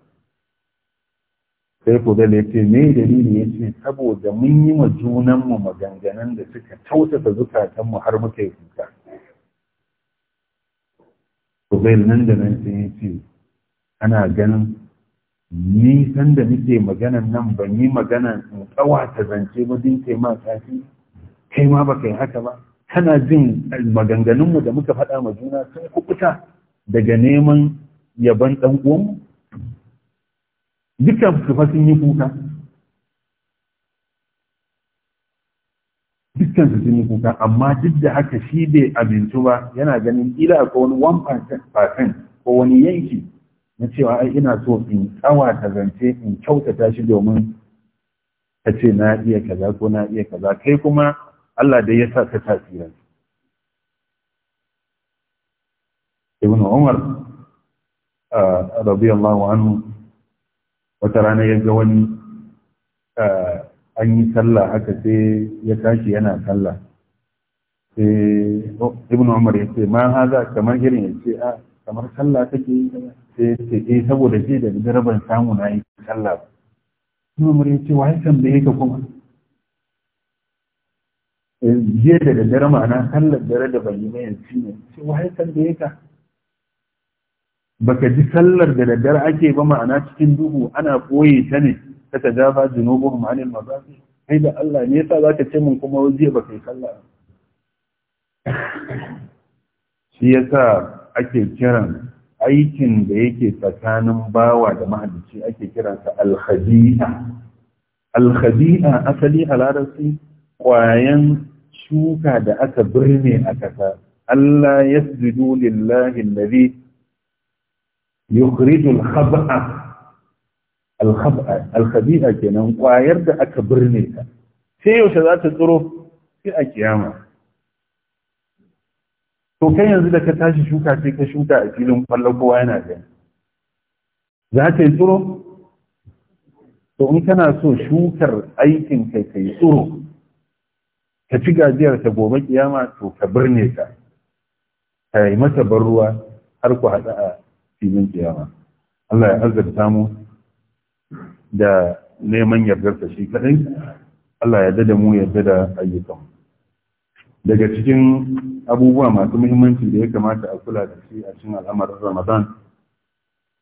sai fudal ya ce me dalili ya ce saboda mun yi wa junanmu maganganun da suka tausasa zukatanmu har muka yi kuka fudal nan da nan sai ya ce ana ganin nisan da nake maganan nan ban yi magana in tsawa ta zance ba din kai ma tafi kai ma baka yi haka ba kana jin maganganunmu da muka faɗa ma juna sun kukuta daga neman yaban ɗan uwanmu dukkan su fa sun yi kuka dukkan su sun yi kuka amma duk da haka shi bai abinci ba yana ganin ila ko wani 1% ko wani yanki na cewa ai ina so in tsawata zance in kyautata shi domin ta ce na iya kaza ko na iya kaza kai kuma Allah dai ya sa ka tasirin ibn Umar wa anhu wata rana ya ga wani an yi sallah haka sai ya tashi yana sallah sai ibn Umar ya ce ma haza kamar irin ya ce a kamar sallah take yi ce eh, saboda je da daraban samu na yi sallah ba kuma mure ce wa yakan da yake kuma eh, je da daddare ma'ana sallar dare da ban yi mai yanci ne ce wa yakan da yake baka ji sallar da daddare ake ba ma'ana cikin duhu ana koyi ta ne ta ta jaba a ma'anin mazafi kai da Allah ne yasa ka ce mun kuma waje baka yi sallah shi yasa ake kiran aikin da yake tsakanin bawa da mahalicci ake kiransa alhadi'a alhadi'a asali a larabci ƙwayan shuka da aka birne a ƙasa Allah ya sujudu lillahi lari yukhrijul khaba'a alhadi'a kenan ƙwayar da aka birne ta sai yaushe za ta tsiro sai a kiyama to kai yanzu da ka tashi shuka sai ka shuka a filin kwallon kowa yana gani za ta yi tsoro? to in kana so shukar aikin kai ka yi tsoro, ka ci gajiyar ta gobe kiyama to ka birne ka ka yi mata ban ruwa har ku haɗa a filin kiyama Allah ya azurta mu da neman yardarsa shi kaɗai Allah ya dada mu yarda da ayyukanmu daga cikin abubuwa masu muhimmanci da ya kamata a kula da shi a cikin al'amarin ramadan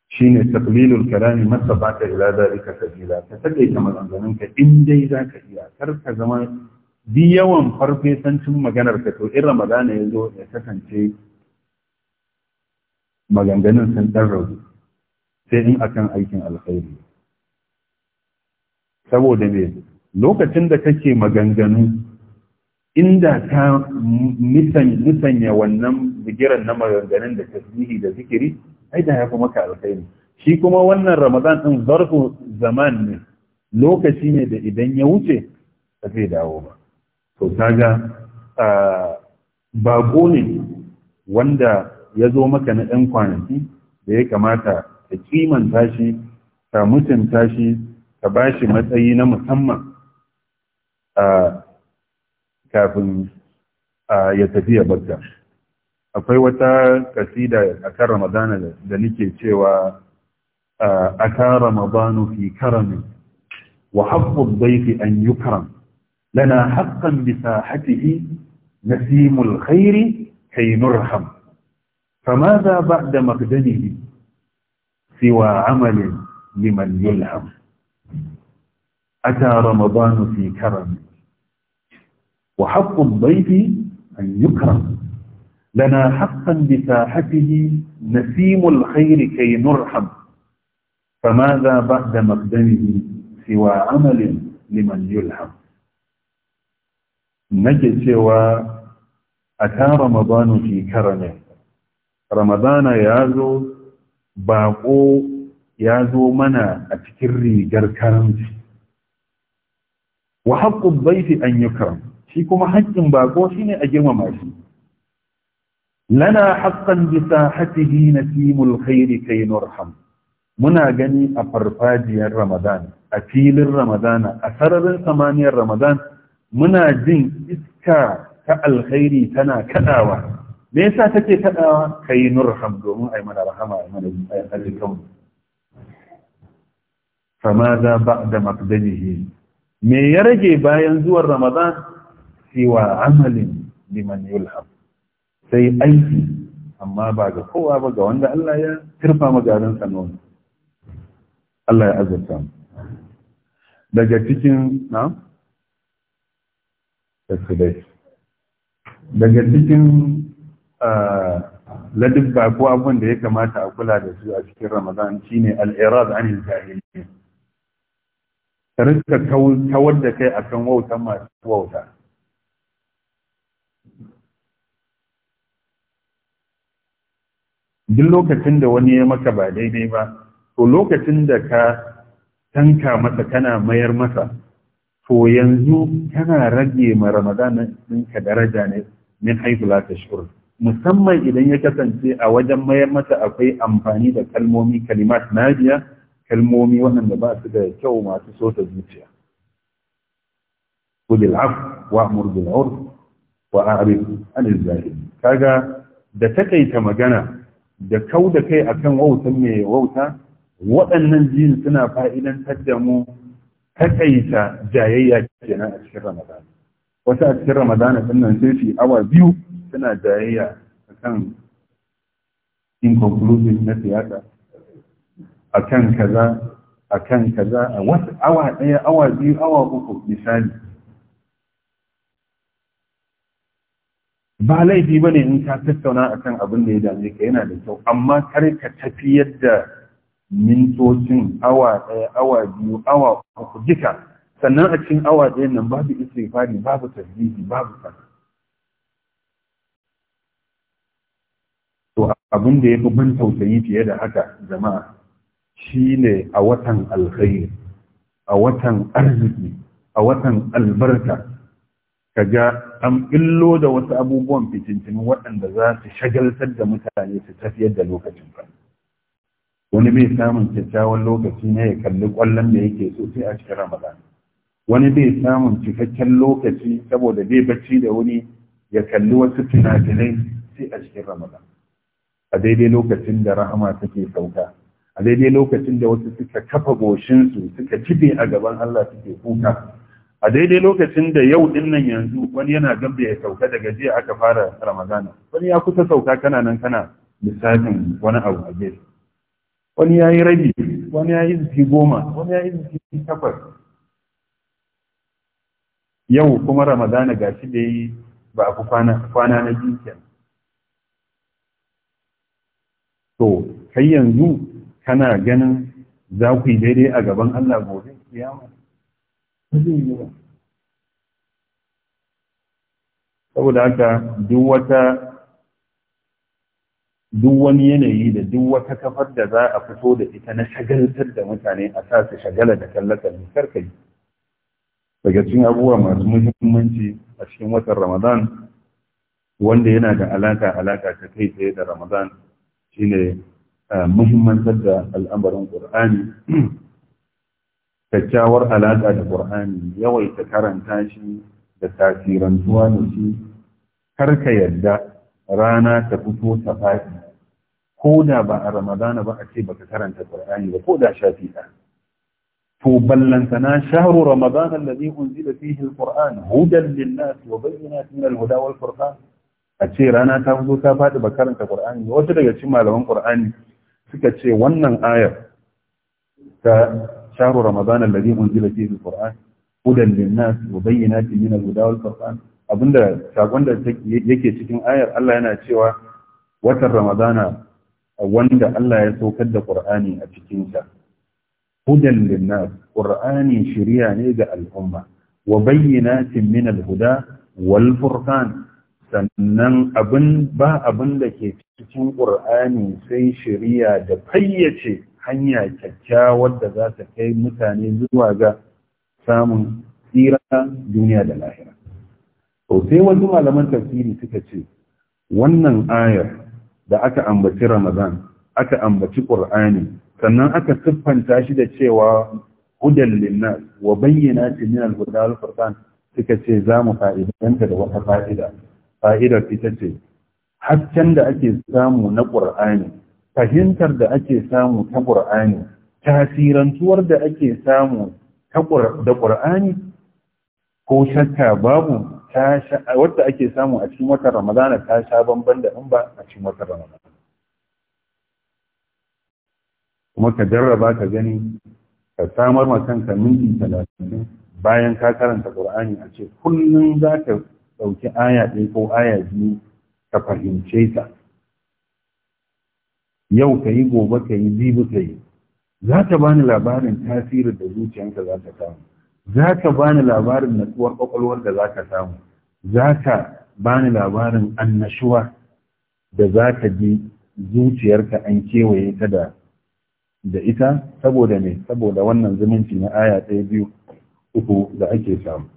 shine taqlilul kalami ka ila zalika sabila ka taƙaita maganganun ka in dai zaka iya kar ka zama bi yawan farfesancin maganar ka to in ramadana ya zo ya kasance maganganun sun ɗan rauni sai in akan aikin alkhairi saboda me lokacin da kake maganganu inda ka musanya wannan bigiran na maganganun da tasbihi da zikiri ai da ya fi maka alkhairi shi kuma wannan ramadan din zarfu zaman ne lokaci ne da idan ya wuce ka zai dawo ba to kaga bako ne wanda ya zo maka na ɗan kwanaki da ya kamata ka kimanta shi ka mutunta shi ka bashi matsayi na musamman kafin ya tafi ya barta akwai wata kasida a kan ramadana da nake cewa a kan ramadanu fi karamin wa haƙƙun baifi an yi karam lana haƙƙan bisa hatihi nasimul khairi kai nurham فماذا بعد مقدمه سوى عمل لمن يلهم أتى رمضان في كرم وحق الضيف أن يكرم لنا حقا بساحته نسيم الخير كي نرحم فماذا بعد مقدمه سوى عمل لمن يلحم نجد سوى أتى رمضان في كرمه رمضان يازو باقو يازو منا أتكري جر كرمتي وحق الضيف أن يكرم shi kuma haƙƙin bako shine a girmama shi lana haqqan bi na nasimul khairi kai nurham muna gani a farfajiyar ramadan a filin ramadan a sararin samaniyar ramadan muna jin iska ta alkhairi tana kadawa me yasa take kadawa kai nurham domin ai mana rahama ai mana alƙawari fama za ba da me ya rage bayan zuwan ramadan siwa amalin liman yulham sai aiki amma ba ga kowa ba ga wanda Allah ya kirfa magarin sanon Allah ya azurta daga cikin na dai daga cikin ladibba ko abin da ya kamata a kula da su a cikin ramadan shine al-irad anil jahilin ka rinka kawar da kai akan wautan masu wauta duk lokacin da wani ya maka ba daidai ba to lokacin da ka tanka masa kana mayar masa to yanzu kana rage ma ramadan ɗinka daraja ne min haifu la tashkur musamman idan ya kasance a wajen mayar masa akwai amfani da kalmomi kalimat najiya kalmomi waɗanda ba su da kyau masu so ta zuciya kudil af wa amur bil urf wa a'rif an kaga da takaita magana da kau da kai akan wautan mai wauta waɗannan jin suna fa'idan da mu takaita jayayya kenan a cikin Ramadana. wata a cikin Ramadana din nan sai awa biyu suna jayayya a kan inconclusive na siyasa kan kaza kan kaza a wasu awa ɗaya awa biyu awa uku misali ba laifi ba ne in ka tattauna akan abin da ya dame ka yana da kyau amma kar ka tafi yadda mintocin awa ɗaya awa biyu awa uku duka sannan a cikin awa ɗaya nan babu istighfari babu tasbihi babu sana to abin da ya ban tausayi fiye da haka jama'a shine a watan alkhairi a watan arziki a watan albarka kaga an illo da wasu abubuwan fitintinu waɗanda za su shagaltar da mutane su tafiyar da lokacin ba wani bai samun kyakkyawan lokaci ne ya kalli ƙwallon da yake so sai a cikin ramadan wani bai samun cikakken lokaci saboda bai bacci da wani ya kalli wasu finafinai sai a cikin ramadan a daidai lokacin da rahama take sauka a daidai lokacin da wasu suka kafa goshinsu suka kife a gaban allah suke kuka a daidai lokacin da yau din nan yanzu wani yana gambe ya sauka daga jiya aka fara ramadana wani ya kusa sauka kana nan kana lissafin wani abu a gefe wani ya yi rabi wani ya yi zuki goma wani ya yi zuki takwas yau kuma ramadana ga shi da yi ba a kwana na jinkin to kai yanzu kana ganin za ku yi daidai a gaban allah gobe kiyama saboda haka duk wata duk wani yanayi da duk wata kafar da za a fito da ita na shagaltar da mutane a sa su shagala da kalle kar ka yi daga cikin abubuwa masu muhimmanci a cikin watan ramadan wanda yana da alaka alaka ta kai tsaye da ramadan shine eh, muhimmantar da al'amarin qur'ani kyakkyawar alaƙa da ƙur'ani yawaita karanta shi da tasirantuwa da shi karka yadda rana ta fito ta faɗi ko da ba a ramadana ba a ce ka karanta ƙur'ani ba ko da shafi ɗaya to ballantana shahru ramadan alladhi unzila fihi alquran hudan linnas wa bayyinatin min alhuda wal furqan a ce rana ta fito ta faɗi ba karanta ƙur'ani. wata daga cikin malaman ƙur'ani suka ce wannan ayar ta شهر رمضان الذي أنزل فيه القرآن هدى للناس وبينات من الهدى والفرقان abinda sakon da yake cikin ayar Allah yana cewa watan Ramadana wanda Allah ya saukar da Qur'ani a cikin sa hudan linnas shiriya ne ga al'umma wa bayyinatin min al-huda walfurkan? sannan abin ba abin da ke cikin Qur'ani sai shiriya da fayyace hanya kyakkyawar da za ta kai mutane zuwa ga samun tsira duniya da lahira. To sai wasu malaman tafsiri suka ce, wannan ayar da aka ambaci Ramadan, aka ambaci Ƙur'ani, sannan aka siffanta shi da cewa hudan linna wa bayyana min al-huda al suka ce za mu fa'idanta da wata fa'ida. Fa'idar ita ce, hasken da ake samu na Ƙur'ani fahimtar da ake samu ta ƙur'ani tasirantuwar da ake samu da ƙur'ani ko shakka babu wadda ake samu a cikin watan ramadana ta sha banban da in ba a cikin watan ramadana kuma ka jarraba ka gani ka samar ma kanka minti talatin bayan ka karanta ƙur'ani a ce kullum za ka ɗauki aya ɗaya ko aya biyu ka fahimce ta yau ka yi gobe ka yi jibi ka yi za ka bani labarin tasirin da zuciyanka za ka samu za ka bani labarin natsuwar kwakwalwar da za ka samu za ka bani labarin annashuwa da za ka ji zuciyarka an kewaye ta da da ita saboda ne saboda wannan zumunci na aya ɗaya biyu uku da ake samu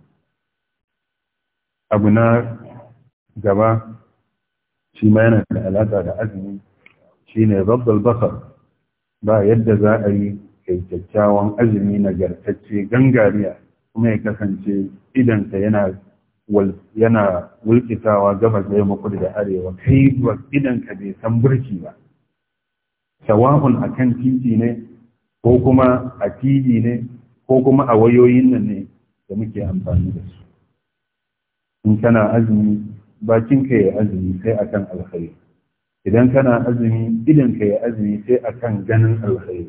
abu na gaba shi ma yana da alaƙa da azumi Shi ne rabbal basar ba yadda za a yi kai kyakkyawan azumi na nagartacce gangariya kuma ya kasance idanta yana yana wulkitawa gabas da yamma kudu da arewa kai ba idanka bai san burki ba Shawahun a kan titi ne ko kuma a titi ne ko kuma a wayoyin nan ne da muke amfani da su in kana azumi bakin ka yi azumi sai akan alkhairi idan kana azumi idan ka yi azumi sai a kan ganin alkhairi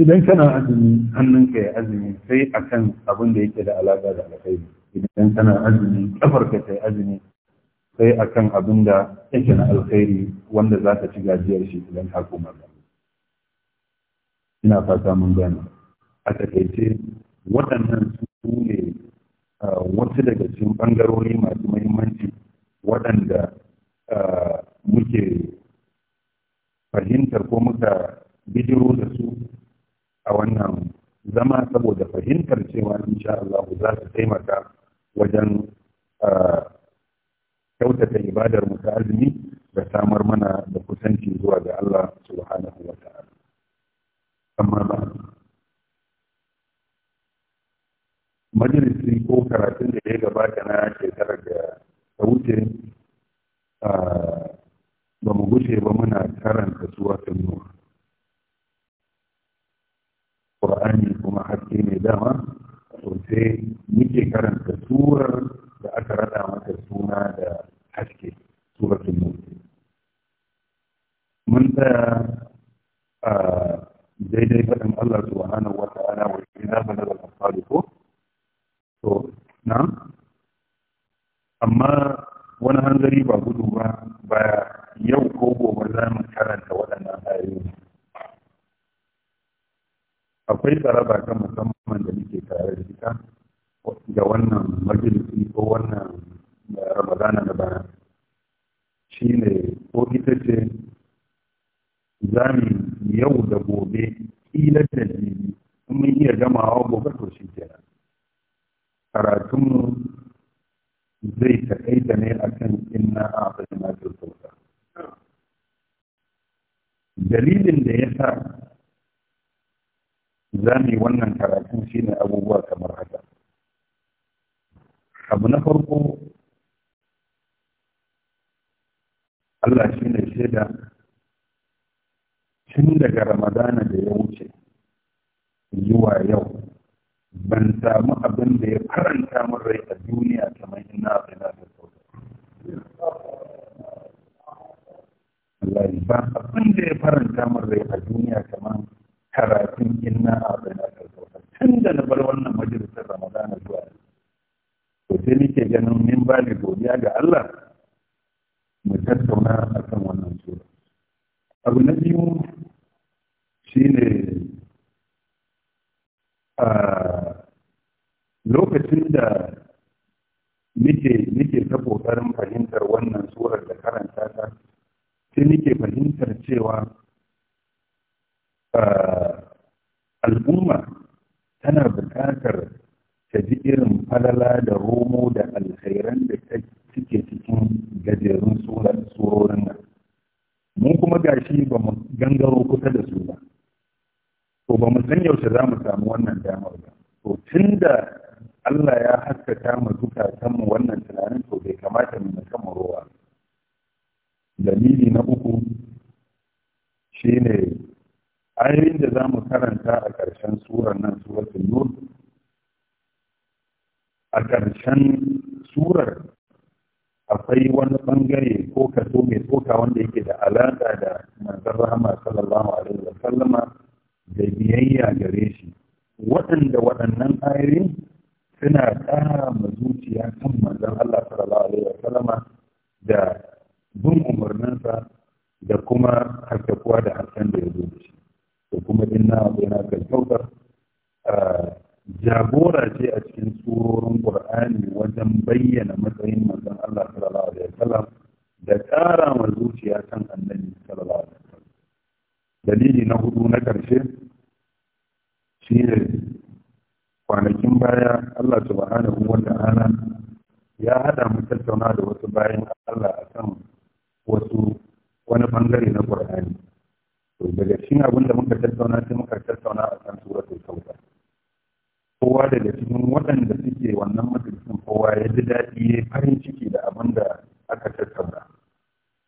idan kana azumi hannun ka yi azumi sai a kan abin da yake da alaƙa da alkhairi idan kana azumi kafar ka ta yi azumi sai a kan abin da yake na alkhairi wanda za ka ci gajiyar shi idan ka koma ina fata mun gane a takaice waɗannan su ne ah, wasu daga cikin ɓangarori masu muhimmanci waɗanda Eh, muke fahimtar ko muka bijiro da su a wannan zama saboda fahimtar cewa insha Allah za su taimaka wajen eh, kyautata ibadar mu azumi da samar mana da kusanci zuwa ga Allah subhanahu wa ta'ala amma ba majalisi ko karatun da ya gabata na shekarar da ta wuce ba mu gushe ba muna karanta suwatun nuwa ƙura'ani kuma haske ne dama sosai muke karanta surar da aka rada mata suna da haske suratun nuwa mun tsaya a daidai faɗin Allah subhanahu wata ta'ala wa ina ba da ko to na amma wani hanzari ba gudu ba ba yau ko gobe za mu karanta waɗannan ayoyi akwai tsaraba ta musamman da muke tare da ita da wannan majalisi ko wannan eh, ramadana na bana shi ne ko ita ce za mu yau da gobe ƙila da jibi in mun iya gamawa gobe to shi kenan karatunmu zai taƙaita ne a kan inna a na kyautar dalilin da ya sa za mu yi wannan karatun shine abubuwa kamar haka abu na farko Allah shi ne shaida tun daga ramadana da ya wuce zuwa yau ban samu abin da ya karanta min rai a duniya kamar ina na da na Allah ba abin da ya faranta min rai a duniya kamar karatun ina na fi na da tun da na bar wannan majalisar ramadana zuwa to sai nake ganin min ba ni godiya ga Allah mu tattauna akan wannan sura abu na biyu cewa ah, al'umma tana bukatar ta ji irin falala da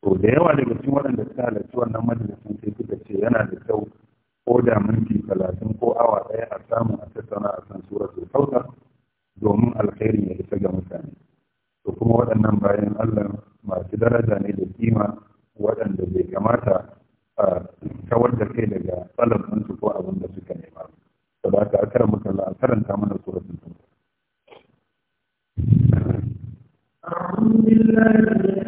to da yawa daga cikin waɗanda suka halarci wannan majalisun sai suka ce yana da kyau ko da minti talatin ko awa ɗaya a samu a tattauna a kan suratul kautsar domin alkhairin ya isa ga mutane to kuma waɗannan bayan allah masu daraja ne da kima waɗanda bai kamata a kawar da kai daga ɗalibinsu ko abin da suka nema ba da aka a karanta mana sura kautsar أعوذ بالله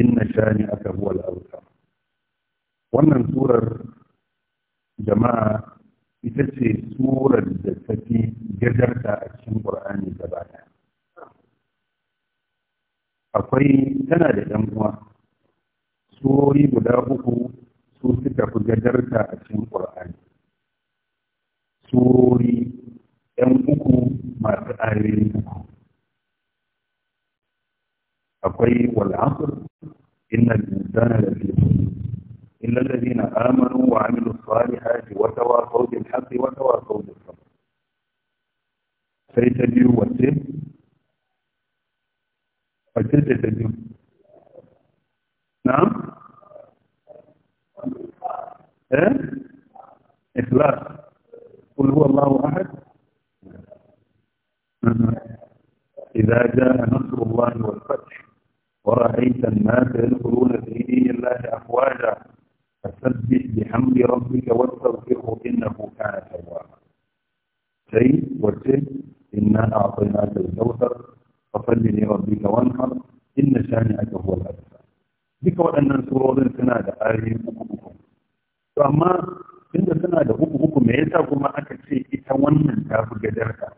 inna shani aka huwa al'auta wannan surar jama'a ita ce surar da ta fi gajarta a cikin ƙur'ani gaba akwai tana da ɗan uwa surori guda uku su suka fi gajarta a cikin ƙur'ani surori ɗan uku masu ayoyi uku الطير والعصر إن الإنسان لفي خسر إلا الذين آمنوا وعملوا الصالحات وتواصوا بالحق وتواصوا بالصبر فإذا جيوا والسر فالجد نعم إيه؟ إخلاص قل هو الله أحد إذا جاء نصر الله والفتح ورأيت الناس يدخلون في دين الله أفواجا فسبح بحمد ربك واستغفره إنه كان توابا. شيء وشيء إنا أعطيناك الكوثر فصل لربك وانحر إن شانئك هو الأكثر. ذكر أن سرور سنادى هذه حقوقكم. فما إن سنادى حقوقكم ما أكل شيء يتونن كافر جدرك.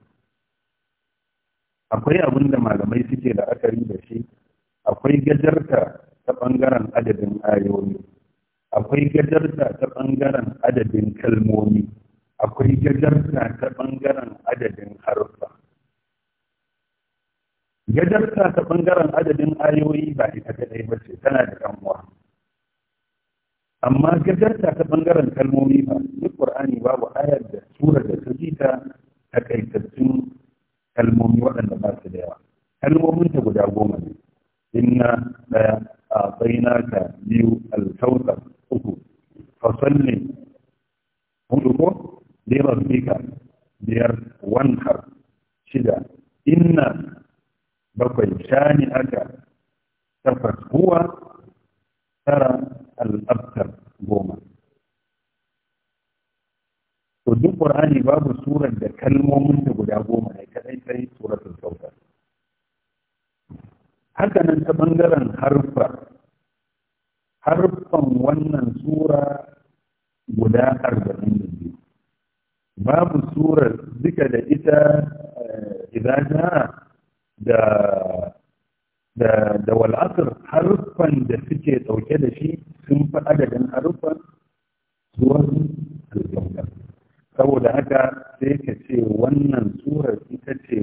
أقول أبن دمار ما يسكت لا أكل شيء akwai gajarta ta ɓangaren adadin ayoyi akwai gajarta ta ɓangaren adadin kalmomi akwai gajarta ta ɓangaren adadin harfa gajarta ta ɓangaren adadin ayoyi ba ita kadai ba ce tana da kanwa amma gajarta ta ɓangaren kalmomi ba duk ƙur'ani babu ayar da tura da ta ta takaitattun kalmomi waɗanda ba su da yawa kalmomin ta guda goma ne inna daya a bainaka biyu alkautar uku fasalli hudu ko lirabbika biyar wankar shida inna bakwai shani aka takwas huwa tara al'abtar goma to duk ƙur'ani babu surar da kalmomin da guda goma ne kaɗai sai suratul kautar hakanan ta ɓangaren harfa harfan wannan sura guda arba'in da biyu babu surar duka da ita eh, idana da da da wal'asar harfan da suke ɗauke da shi sun fi adadin harfan suwar aljamda saboda haka sai ka ce wannan surar ita ce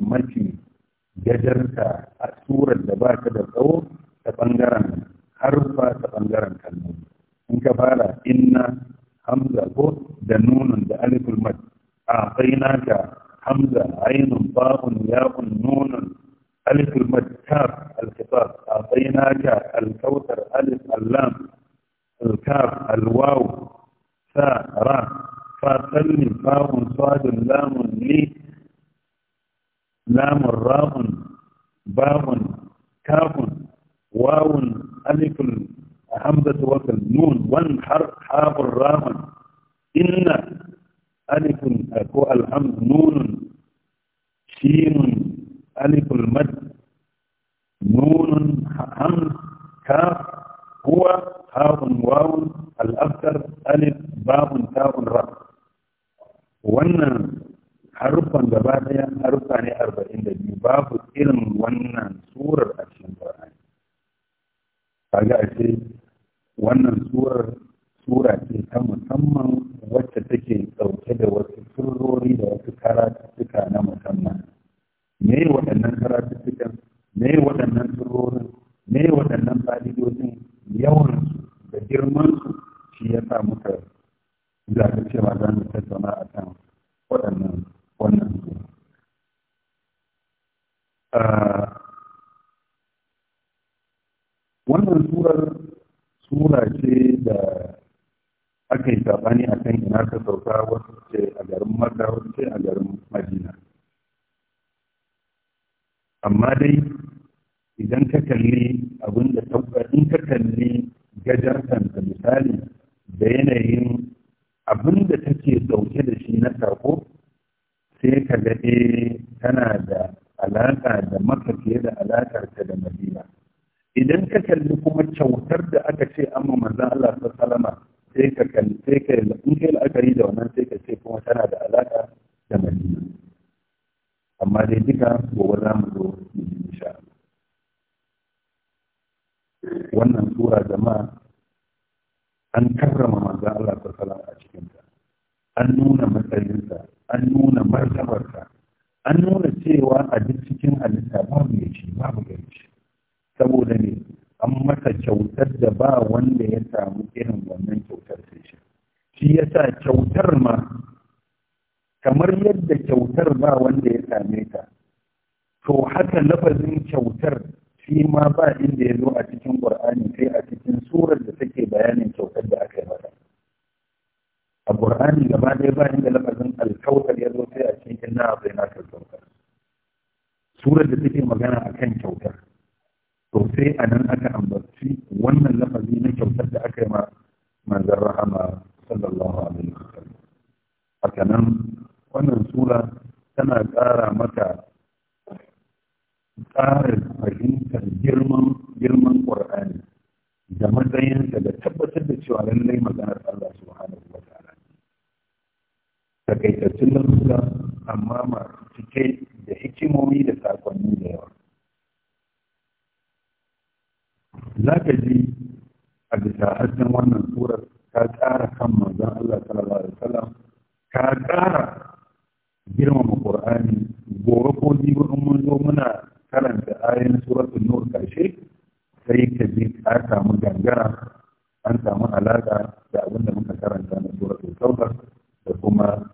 naka sai ka ga eh, tana da alaƙa da maka fiye da alaƙar ta da madina idan ka kalli kuma kyautar da aka ce amma maza Allah ta salama sai ka kalli sai ka in kai la'akari da wannan sai ka ce kuma tana da alaƙa da madina amma dai duka gobe za mu zo mu ji insha wannan sura jama'a an karrama maza Allah ta salama a cikinta an nuna matsayinsa an nuna martabarsa an nuna cewa a duk cikin halitta babu ya ce babu ya ce saboda ne an masa kyautar da ba wanda ya samu irin wannan kyautar sai shi shi ya sa kyautar ma kamar yadda kyautar ba wanda ya same ta to haka lafazin kyautar shi ma ba inda ya zo a cikin ƙur'ani sai a cikin surar da take bayanin kyautar da aka yi mata a ƙur'ani gaba ɗaya ba da lafazin alkautar ya zo sai a cikin inna atayna kal kautar surar da take magana akan kyautar to sai a nan aka ambaci wannan lafazi na kyautar da aka yi ma manzon rahama sallallahu alaihi wasallam haka nan wannan sura tana ƙara maka ƙarin fahimtar girman girman ƙur'ani da matsayinsa da tabbatar da cewa lallai maganar Allah subhanahu wa ta'ala takaitattun lafuzza amma masu cike da hikimomi da sakonni da yawa za ka ji a bisa hasken wannan surar ka ƙara kan manzon Allah sallallahu alaihi wasallam ka ƙara girmama Qur'ani gobe ko jibi in mun zo muna karanta ayoyin suratul nur karshe sai ka ji ka samu gangara an samu alaƙa da abinda muka karanta na suratul tauba da kuma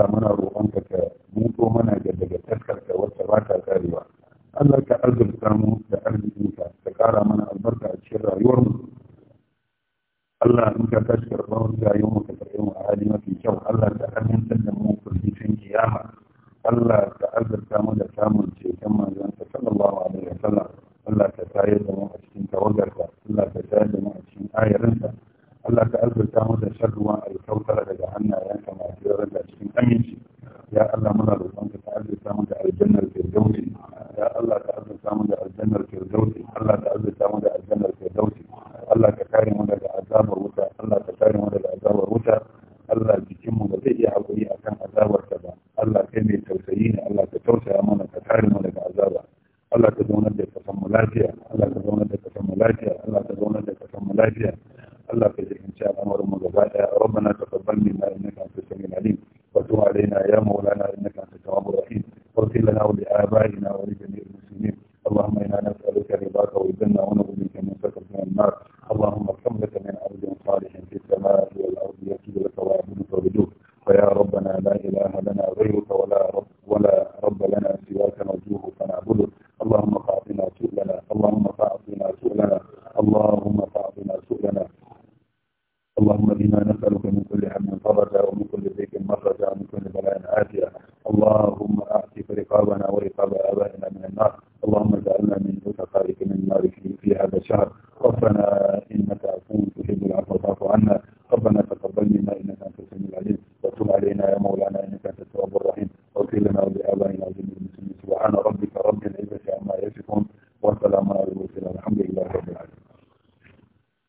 Allah muna